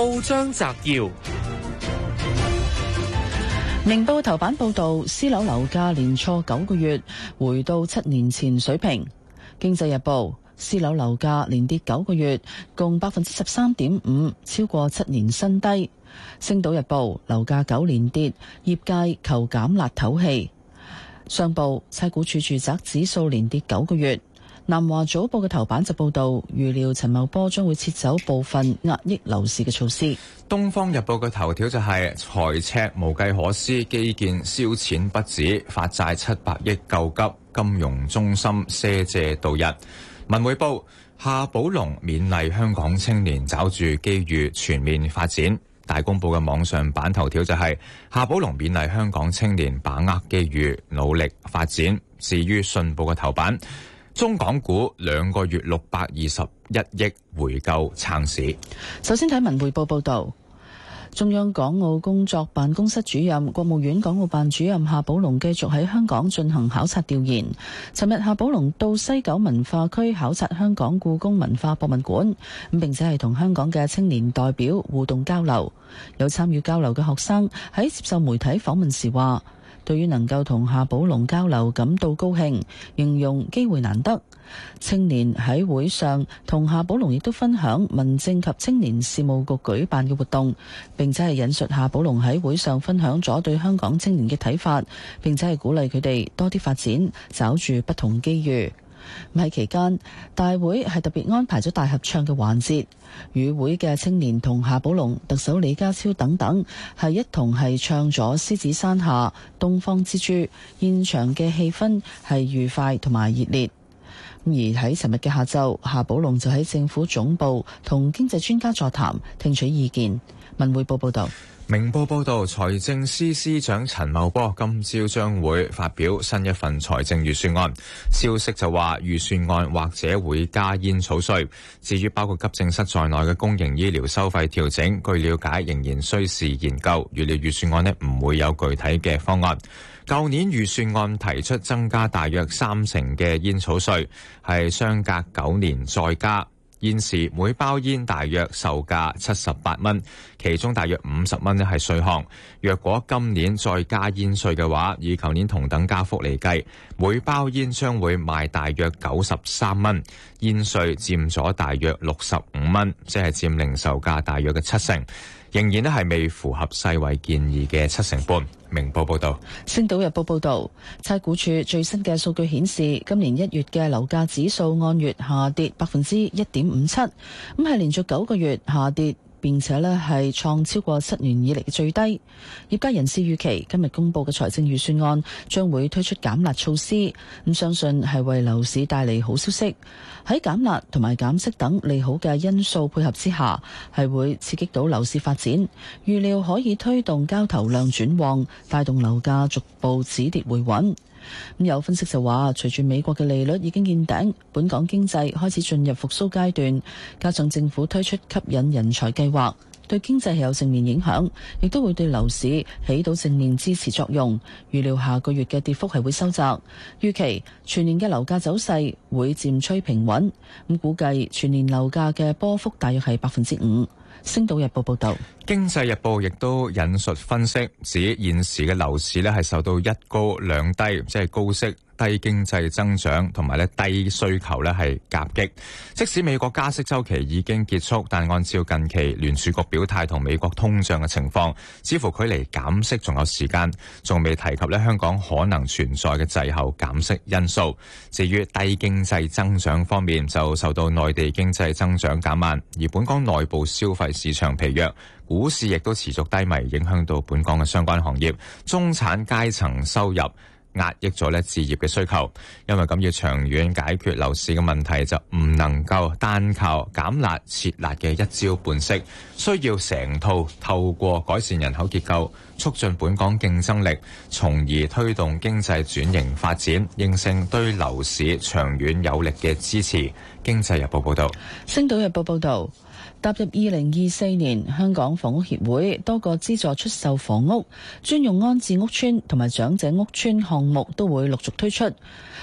報章摘要：明報頭版報道，私樓樓價連挫九個月，回到七年前水平。經濟日報，私樓樓價連跌九個月，共百分之十三點五，超過七年新低。星島日報，樓價九連跌，業界求減辣透氣。商報，差股處住宅指數連跌九個月。南華早報嘅頭版就報道，預料陳茂波將會撤走部分壓抑樓市嘅措施。東方日報嘅頭條就係財赤無計可施，基建燒錢不止，發債七百億救急，金融中心賒借度日。文匯報，夏寶龍勉勵香港青年抓住機遇全面發展。大公報嘅網上版頭條就係夏寶龍勉勵香港青年把握機遇，努力發展。至於信報嘅頭版，中港股兩個月六百二十一億回購撐市。首先睇文匯報報導，中央港澳工作辦公室主任、國務院港澳辦主任夏寶龍繼續喺香港進行考察調研。尋日，夏寶龍到西九文化區考察香港故宮文化博物館，咁並且係同香港嘅青年代表互動交流。有參與交流嘅學生喺接受媒體訪問時話：對於能夠同夏寶龍交流感到高興，形容機會難得。青年喺會上同夏寶龍亦都分享民政及青年事務局舉辦嘅活動，並且係引述夏寶龍喺會上分享咗對香港青年嘅睇法，並且係鼓勵佢哋多啲發展，找住不同機遇。咁喺期間，大會係特別安排咗大合唱嘅環節，與會嘅青年同夏寶龍、特首李家超等等係一同係唱咗《獅子山下》《東方之珠》，現場嘅氣氛係愉快同埋熱烈。而喺尋日嘅下晝，夏寶龍就喺政府總部同經濟專家座談，聽取意見。文匯報報道。明報報道，財政司司長陳茂波今朝將會發表新一份財政預算案，消息就話預算案或者會加煙草稅，至於包括急症室在內嘅公營醫療收費調整，據了解仍然需時研究。預料預算案呢，唔會有具體嘅方案。舊年預算案提出增加大約三成嘅煙草稅，係相隔九年再加。現時每包煙大約售價七十八蚊，其中大約五十蚊咧係稅項。若果今年再加煙稅嘅話，以舊年同等加幅嚟計，每包煙將會賣大約九十三蚊，煙稅佔咗大約六十五蚊，即係佔零售價大約嘅七成。仍然咧係未符合世衛建議嘅七成半。明報報道，星島日報報道，差估署最新嘅數據顯示，今年一月嘅樓價指數按月下跌百分之一點五七，咁係連續九個月下跌。並且咧係創超過七年以嚟嘅最低。業界人士預期今日公布嘅財政預算案將會推出減辣措施，咁相信係為樓市帶嚟好消息。喺減辣同埋減息等利好嘅因素配合之下，係會刺激到樓市發展，預料可以推動交投量轉旺，帶動樓價逐步止跌回穩。咁有分析就話，隨住美國嘅利率已經見頂，本港經濟開始進入復蘇階段，加上政府推出吸引人才計劃。對經濟係有正面影響，亦都會對樓市起到正面支持作用。預料下個月嘅跌幅係會收窄，預期全年嘅樓價走勢會漸趨平穩。咁估計全年樓價嘅波幅大約係百分之五。星島日報報道，經濟日報亦都引述分析，指現時嘅樓市呢係受到一高兩低，即係高息。低經濟增長同埋咧，低需求咧係夾擊。即使美國加息周期已經結束，但按照近期聯儲局表態同美國通脹嘅情況，似乎距離減息仲有時間，仲未提及咧香港可能存在嘅滯後減息因素。至於低經濟增長方面，就受到內地經濟增長減慢，而本港內部消費市場疲弱，股市亦都持續低迷，影響到本港嘅相關行業，中產階層收入，壓抑咗咧置業嘅需求，因為咁要長遠解決樓市嘅問題，就唔能夠單靠減辣撤辣嘅一招半式，需要成套透過改善人口結構，促進本港競爭力，從而推動經濟轉型發展，應勝對樓市長遠有力嘅支持。經濟日報報道，星島日報報道。踏入二零二四年，香港房屋協會多個資助出售房屋、專用安置屋邨同埋長者屋邨項目都會陸續推出。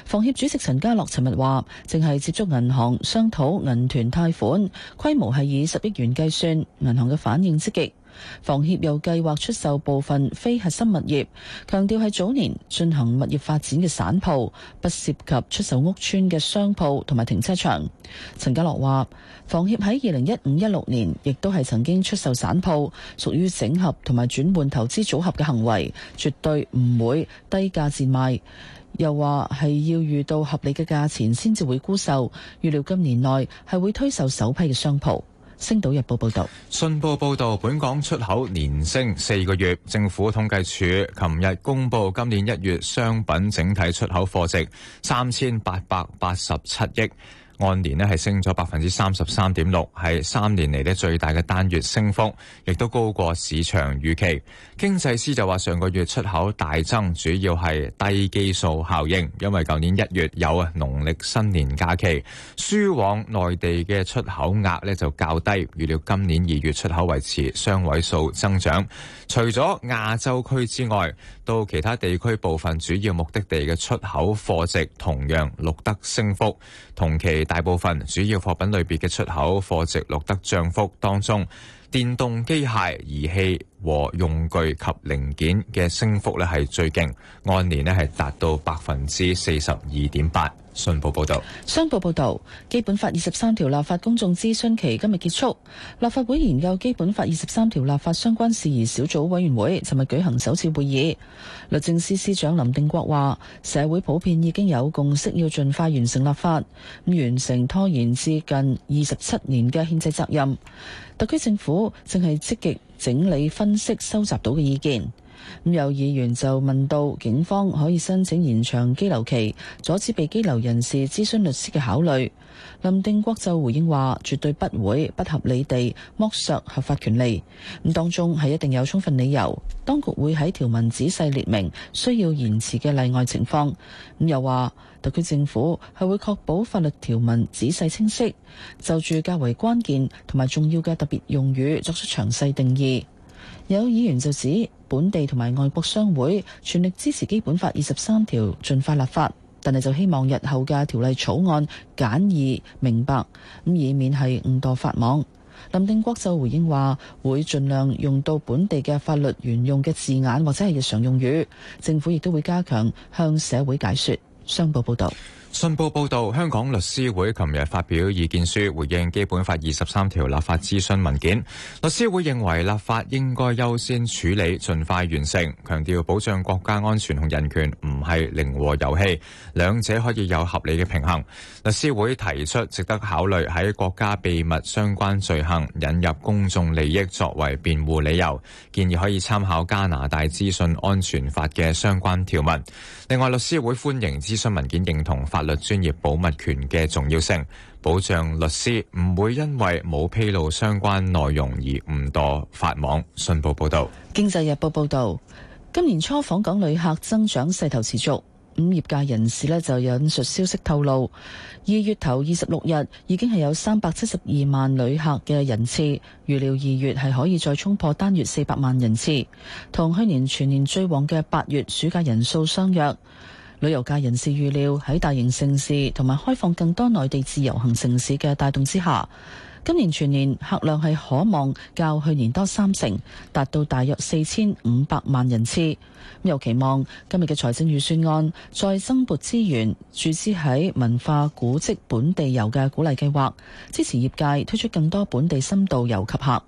房協主席陳家樂尋日話，淨係接觸銀行商討銀團貸款，規模係以十億元計算。銀行嘅反應積極。房協又計劃出售部分非核心物業，強調係早年進行物業發展嘅散鋪，不涉及出售屋邨嘅商鋪同埋停車場。陳家樂話，房協喺二零一五一六年亦都係曾經出售散鋪，屬於整合同埋轉換投資組合嘅行為，絕對唔會低價賤賣。又話係要遇到合理嘅價錢先至會沽售，預料今年內係會推售首批嘅商鋪。星島日報報道，信報報道，本港出口連升四個月。政府統計處琴日公布今年一月商品整體出口貨值三千八百八十七億。按年呢，係升咗百分之三十三點六，係三年嚟呢最大嘅單月升幅，亦都高過市場預期。經濟師就話，上個月出口大增，主要係低基數效應，因為舊年一月有農曆新年假期，輸往內地嘅出口額呢，就較低。預料今年二月出口維持雙位數增長，除咗亞洲區之外，到其他地區部分主要目的地嘅出口貨值同樣錄得升幅，同期。大部分主要貨品類別嘅出口貨值錄得漲幅，當中電動機械儀器和用具及零件嘅升幅咧係最勁，按年咧係達到百分之四十二點八。信報報道，商報報道，基本法二十三條立法公眾諮詢期今日結束，立法會研究基本法二十三條立法相關事宜小組委員會尋日舉行首次會議。律政司司長林定國話：社會普遍已經有共識，要盡快完成立法，咁完成拖延至近二十七年嘅憲制責任。特區政府正係積極整理、分析、收集到嘅意見。咁有議員就問到，警方可以申請延長羈留期，阻止被羈留人士諮詢律師嘅考慮。林定國就回應話，絕對不會不合理地剝削合法權利。咁當中係一定有充分理由，當局會喺條文仔細列明需要延遲嘅例外情況。咁又話，特區政府係會確保法律條文仔細清晰，就住較為關鍵同埋重要嘅特別用語作出詳細定義。有議員就指，本地同埋外國商會全力支持《基本法》二十三條盡快立法，但係就希望日後嘅條例草案簡易明白，咁以免係誤墮法網。林定國就回應話，會盡量用到本地嘅法律沿用嘅字眼或者係日常用語，政府亦都會加強向社會解說。商報報道。信報報導，香港律師會琴日發表意見書，回應《基本法》二十三條立法諮詢文件。律師會認為立法應該優先處理，盡快完成，強調保障國家安全同人權唔係零和遊戲，兩者可以有合理嘅平衡。律師會提出值得考慮喺國家秘密相關罪行引入公眾利益作為辯護理由，建議可以參考加拿大資訊安全法嘅相關條文。另外，律師會歡迎諮詢文件認同法律。律專業保密權嘅重要性，保障律師唔會因為冇披露相關內容而誤墮法網。信報報道，《經濟日報》報道，今年初訪港旅客增長勢頭持續。咁業界人士呢就引述消息透露，二月頭二十六日已經係有三百七十二萬旅客嘅人次，預料二月係可以再衝破單月四百萬人次，同去年全年最旺嘅八月暑假人數相若。旅遊界人士預料喺大型城市同埋開放更多內地自由行城市嘅帶動之下，今年全年客量係可望較去年多三成，達到大約四千五百萬人次。咁又期望今日嘅財政預算案再增撥資源，注資喺文化古跡本地遊嘅鼓勵計劃，支持業界推出更多本地深度遊及客。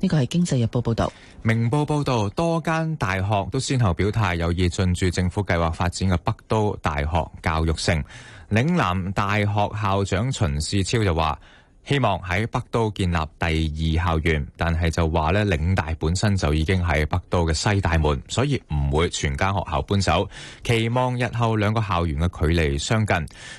呢個係《經濟日報》報道，《明報》報道，多間大學都先後表態有意進駐政府計劃發展嘅北都大學教育城。嶺南大學校長秦泗釗就話，希望喺北都建立第二校園，但係就話咧，嶺大本身就已經喺北都嘅西大門，所以唔會全間學校搬走。期望日後兩個校園嘅距離相近。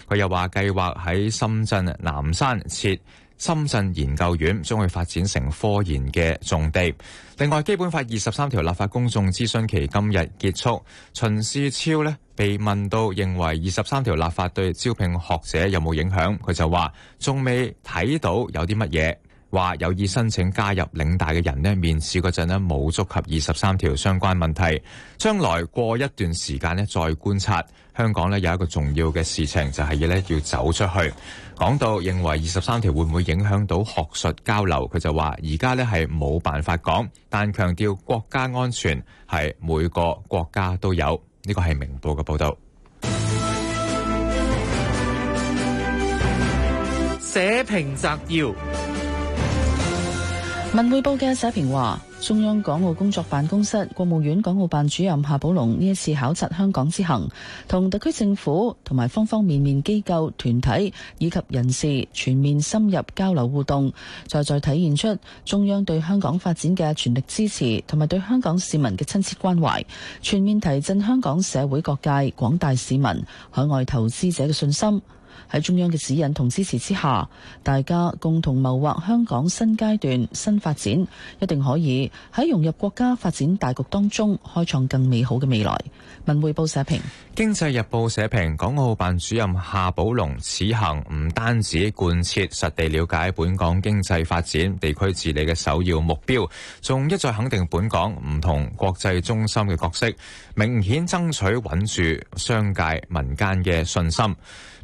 佢又話，計劃喺深圳南山設。深圳研究院將會發展成科研嘅重地。另外，基本法二十三條立法公眾諮詢期今日結束。秦思超咧被問到，認為二十三條立法對招聘學者有冇影響？佢就話仲未睇到有啲乜嘢。話有意申請加入嶺大嘅人咧，面試嗰陣咧冇觸及二十三條相關問題，將來過一段時間咧再觀察。香港咧有一個重要嘅事情就係咧要走出去。講到認為二十三條會唔會影響到學術交流，佢就話，而家咧係冇辦法講，但強調國家安全係每個國家都有。呢個係明報嘅報道。社評摘要。文匯報嘅社評話，中央港澳工作辦公室、國務院港澳辦主任夏寶龍呢一次考察香港之行，同特區政府同埋方方面面機構、團體以及人士全面深入交流互動，再再體現出中央對香港發展嘅全力支持，同埋對香港市民嘅親切關懷，全面提振香港社會各界廣大市民、海外投資者嘅信心。喺中央嘅指引同支持之下，大家共同謀劃香港新階段新發展，一定可以喺融入國家發展大局當中，開創更美好嘅未來。文匯報社評，經濟日報社評，港澳辦主任夏寶龍此行唔單止貫徹實地了解本港經濟發展、地區治理嘅首要目標，仲一再肯定本港唔同國際中心嘅角色，明顯爭取穩住商界民間嘅信心。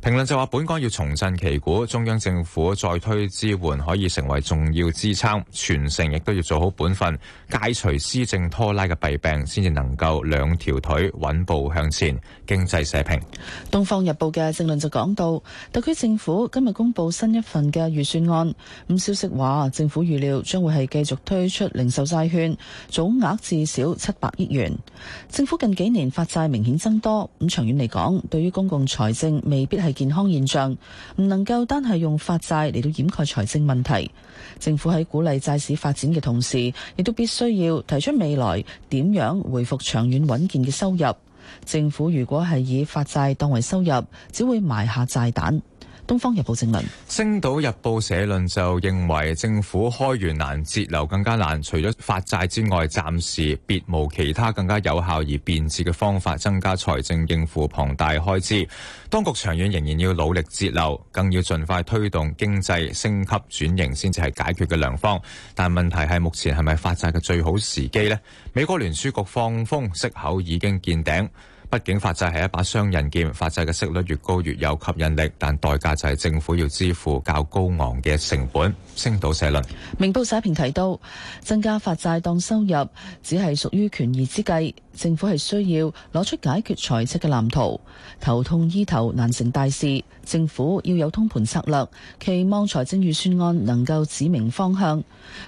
評論就話本港要重振旗鼓，中央政府再推支援可以成為重要支撐，全城亦都要做好本分，戒除施政拖拉嘅弊病，先至能夠兩條腿穩步向前，經濟社評。東方日報嘅正論就講到，特區政府今日公布新一份嘅預算案，咁消息話政府預料將會係繼續推出零售債券，總額至少七百億元。政府近幾年發債明顯增多，咁長遠嚟講，對於公共財政未必係。健康現象，唔能夠單係用發債嚟到掩蓋財政問題。政府喺鼓勵債市發展嘅同時，亦都必須要提出未來點樣回復長遠穩健嘅收入。政府如果係以發債當為收入，只會埋下債蛋。《東方日報》正論，《星島日報》社論就認為政府開源難，節流更加難。除咗發債之外，暫時別無其他更加有效而便捷嘅方法增加財政應付龐大開支。當局長遠仍然要努力節流，更要盡快推動經濟升級轉型，先至係解決嘅良方。但問題係目前係咪發債嘅最好時機呢？美國聯儲局放風息口已經見頂。畢竟發債係一把雙刃劍，發債嘅息率越高越有吸引力，但代價就係政府要支付較高昂嘅成本。星島社論，明報社評提到，增加發債當收入，只係屬於權宜之計。政府係需要攞出解決財政嘅藍圖，頭痛醫頭，難成大事。政府要有通盤策略，期望財政預算案能夠指明方向。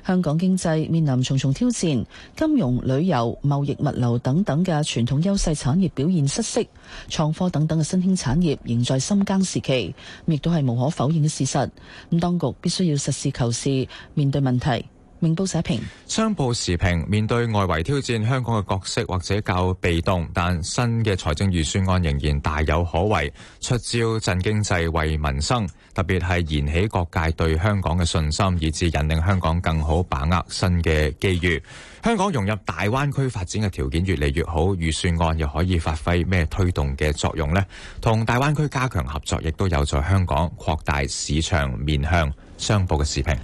香港經濟面臨重重挑戰，金融、旅遊、貿易、物流等等嘅傳統優勢產業表現失色，創科等等嘅新興產業仍在深耕時期，亦都係無可否認嘅事實，咁當局必須要實事求是，面對問題。明報社評，商報時評，面對外圍挑戰，香港嘅角色或者較被動，但新嘅財政預算案仍然大有可為，出招振經濟、惠民生，特別係燃起各界對香港嘅信心，以至引領香港更好把握新嘅機遇。香港融入大灣區發展嘅條件越嚟越好，預算案又可以發揮咩推動嘅作用呢？同大灣區加強合作，亦都有助香港擴大市場面向。商報嘅時評。